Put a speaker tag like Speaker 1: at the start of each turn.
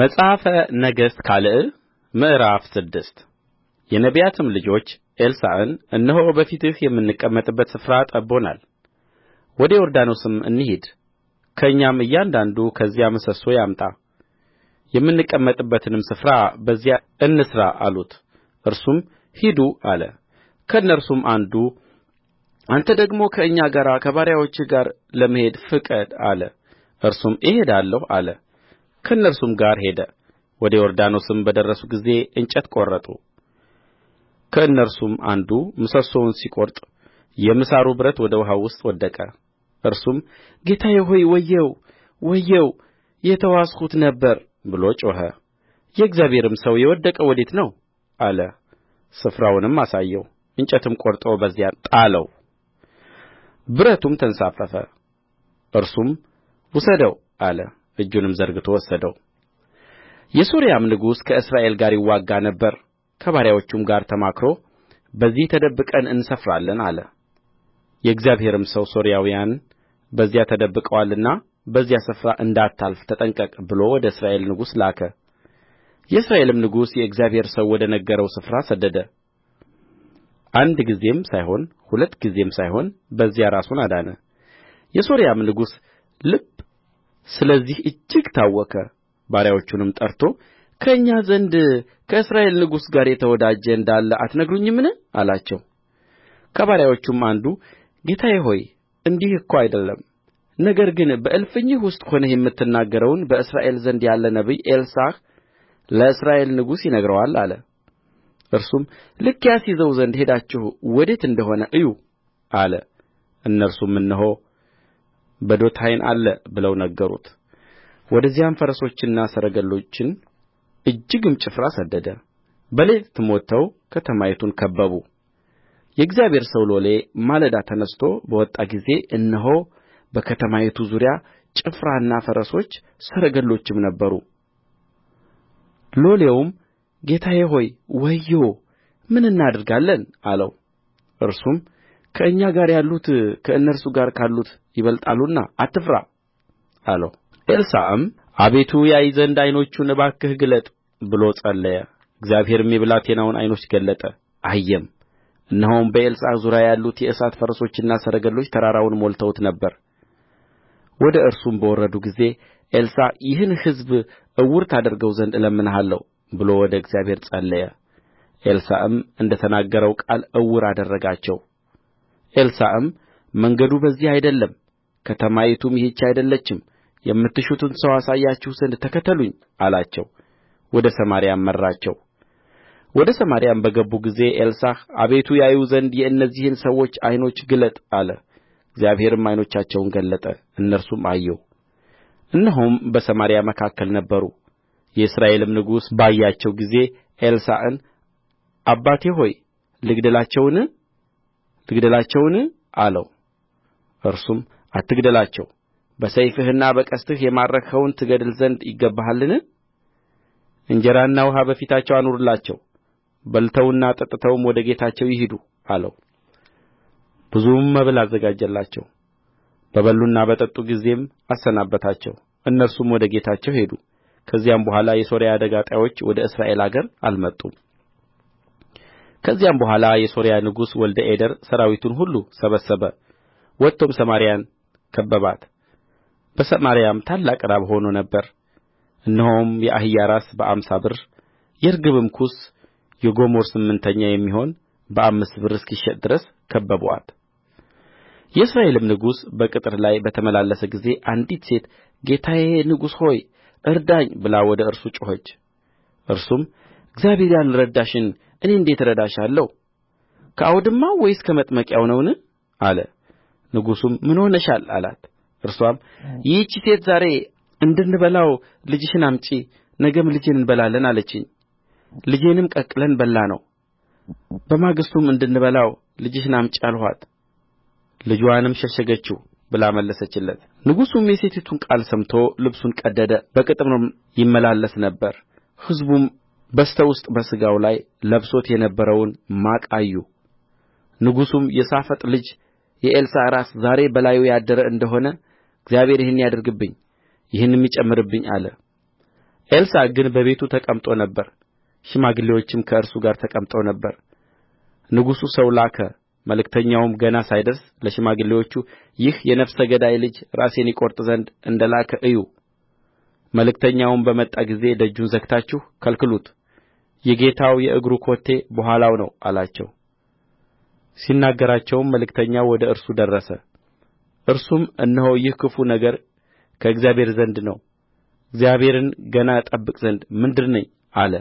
Speaker 1: መጽሐፈ ነገሥት ካልዕ ምዕራፍ ስድስት የነቢያትም ልጆች ኤልሳዕን እነሆ በፊትህ የምንቀመጥበት ስፍራ ጠብቦናል ወደ ዮርዳኖስም እንሂድ ከእኛም እያንዳንዱ ከዚያ ምሰሶ ያምጣ የምንቀመጥበትንም ስፍራ በዚያ እንሥራ አሉት እርሱም ሂዱ አለ ከእነርሱም አንዱ አንተ ደግሞ ከእኛ ጋር ከባሪያዎችህ ጋር ለመሄድ ፍቀድ አለ እርሱም እሄዳለሁ አለ ከእነርሱም ጋር ሄደ ወደ ዮርዳኖስም በደረሱ ጊዜ እንጨት ቈረጡ ከእነርሱም አንዱ ምሰሶውን ሲቈርጥ የምሳሩ ብረት ወደ ውኃው ውስጥ ወደቀ እርሱም ጌታዬ ሆይ ወየው ወየው የተዋስሁት ነበር ብሎ ጮኸ የእግዚአብሔርም ሰው የወደቀው ወዴት ነው አለ ስፍራውንም አሳየው እንጨትም ቈርጦ በዚያ ጣለው ብረቱም ተንሳፈፈ እርሱም ውሰደው አለ እጁንም ዘርግቶ ወሰደው የሶርያም ንጉሥ ከእስራኤል ጋር ይዋጋ ነበር ከባሪያዎቹም ጋር ተማክሮ በዚህ ተደብቀን እንሰፍራለን አለ የእግዚአብሔርም ሰው ሶርያውያን በዚያ ተደብቀዋልና በዚያ ስፍራ እንዳታልፍ ተጠንቀቅ ብሎ ወደ እስራኤል ንጉሥ ላከ የእስራኤልም ንጉሥ የእግዚአብሔር ሰው ወደ ነገረው ስፍራ ሰደደ አንድ ጊዜም ሳይሆን ሁለት ጊዜም ሳይሆን በዚያ ራሱን አዳነ የሶርያም ንጉሥ ልብ ስለዚህ እጅግ ታወከ ባሪያዎቹንም ጠርቶ ከእኛ ዘንድ ከእስራኤል ንጉሥ ጋር የተወዳጀ እንዳለ አትነግሩኝምን አላቸው ከባሪያዎቹም አንዱ ጌታዬ ሆይ እንዲህ እኮ አይደለም ነገር ግን በእልፍኝህ ውስጥ ሆነህ የምትናገረውን በእስራኤል ዘንድ ያለ ነቢይ ኤልሳዕ ለእስራኤል ንጉሥ ይነግረዋል አለ እርሱም ልኬ አስይዘው ዘንድ ሄዳችሁ ወዴት እንደ ሆነ እዩ አለ እነርሱም እነሆ በዶታይን አለ ብለው ነገሩት ወደዚያም ፈረሶችንና ሰረገሎችን እጅግም ጭፍራ ሰደደ በሌሊትም ወጥተው ከተማይቱን ከበቡ የእግዚአብሔር ሰው ሎሌ ማለዳ ተነሥቶ በወጣ ጊዜ እነሆ በከተማይቱ ዙሪያ ጭፍራና ፈረሶች ሰረገሎችም ነበሩ ሎሌውም ጌታዬ ሆይ ወዮ ምን እናደርጋለን አለው እርሱም ከእኛ ጋር ያሉት ከእነርሱ ጋር ካሉት ይበልጣሉና አትፍራ አለው ኤልሳዕም አቤቱ ያይ ዘንድ ዓይኖቹን እባክህ ግለጥ ብሎ ጸለየ እግዚአብሔርም የብላቴናውን ዓይኖች ገለጠ አየም እነሆም በኤልሳዕ ዙሪያ ያሉት የእሳት ፈረሶችና ሰረገሎች ተራራውን ሞልተውት ነበር ወደ እርሱም በወረዱ ጊዜ ኤልሳዕ ይህን ሕዝብ ዕውር ታደርገው ዘንድ እለምንሃለሁ ብሎ ወደ እግዚአብሔር ጸለየ ኤልሳዕም እንደ ተናገረው ቃል ዕውር አደረጋቸው ኤልሳዕም መንገዱ በዚህ አይደለም ከተማይቱም ይህች አይደለችም የምትሹትን ሰው አሳያችሁ ዘንድ ተከተሉኝ አላቸው ወደ ሰማርያም መራቸው ወደ ሰማርያም በገቡ ጊዜ ኤልሳዕ አቤቱ ያዩ ዘንድ የእነዚህን ሰዎች ዓይኖች ግለጥ አለ እግዚአብሔርም ዓይኖቻቸውን ገለጠ እነርሱም አየው እነሆም በሰማርያ መካከል ነበሩ የእስራኤልም ንጉሥ ባያቸው ጊዜ ኤልሳዕን አባቴ ሆይ ልግደላቸውን ትግደላቸውን አለው እርሱም አትግደላቸው በሰይፍህና በቀስትህ የማረክኸውን ትገድል ዘንድ ይገባሃልን እንጀራና ውኃ በፊታቸው አኑርላቸው በልተውና ጠጥተውም ወደ ጌታቸው ይሂዱ አለው ብዙም መብል አዘጋጀላቸው በበሉና በጠጡ ጊዜም አሰናበታቸው እነርሱም ወደ ጌታቸው ሄዱ ከዚያም በኋላ የሶርያ አደጋ ጣዮች ወደ እስራኤል አገር አልመጡም ከዚያም በኋላ የሶርያ ንጉሥ ወልደ አዴር ሠራዊቱን ሁሉ ሰበሰበ ወጥቶም ሰማርያን ከበባት በሰማርያም ታላቅ ራብ ሆኖ ነበር እነሆም የአህያ ራስ በአምሳ ብር የርግብም ኩስ የጎሞር ስምንተኛ የሚሆን በአምስት ብር እስኪሸጥ ድረስ ከበቡአት የእስራኤልም ንጉሥ በቅጥር ላይ በተመላለሰ ጊዜ አንዲት ሴት ጌታዬ ንጉሥ ሆይ እርዳኝ ብላ ወደ እርሱ ጮኸች እርሱም እግዚአብሔር ያልረዳሽን እኔ እንዴት እረዳሻለሁ ከአውድማው ወይስ ከመጥመቂያው ነውን አለ ንጉሡም ምን ሆነሻል አላት እርስዋም ይህች ሴት ዛሬ እንድንበላው ልጅሽን አምጪ ነገም ልጄን እንበላለን አለችኝ ልጄንም ቀቅለን በላ ነው። በማግስቱም እንድንበላው ልጅሽን አምጪ አልኋት ልጅዋንም ሸሸገችው ብላ መለሰችለት ንጉሡም የሴቲቱን ቃል ሰምቶ ልብሱን ቀደደ በቅጥርም ይመላለስ ነበር ሕዝቡም በስተ ውስጥ በሥጋው ላይ ለብሶት የነበረውን ማቅ አዩ ንጉሡም የሣፋጥ ልጅ የኤልሳዕ ራስ ዛሬ በላዩ ያደረ እንደ ሆነ እግዚአብሔር ይህን ያድርግብኝ ይህንም ይጨምርብኝ አለ ኤልሳዕ ግን በቤቱ ተቀምጦ ነበር ሽማግሌዎችም ከእርሱ ጋር ተቀምጠው ነበር ንጉሡ ሰው ላከ መልእክተኛውም ገና ሳይደርስ ለሽማግሌዎቹ ይህ የነፍሰ ገዳይ ልጅ ራሴን ይቈርጥ ዘንድ እንደ ላከ እዩ መልእክተኛውም በመጣ ጊዜ ደጁን ዘግታችሁ ከልክሉት የጌታው የእግሩ ኮቴ በኋላው ነው አላቸው ሲናገራቸውም መልእክተኛው ወደ እርሱ ደረሰ እርሱም እነሆ ይህ ክፉ ነገር ከእግዚአብሔር ዘንድ ነው እግዚአብሔርን ገና እጠብቅ ዘንድ ምንድር ነኝ አለ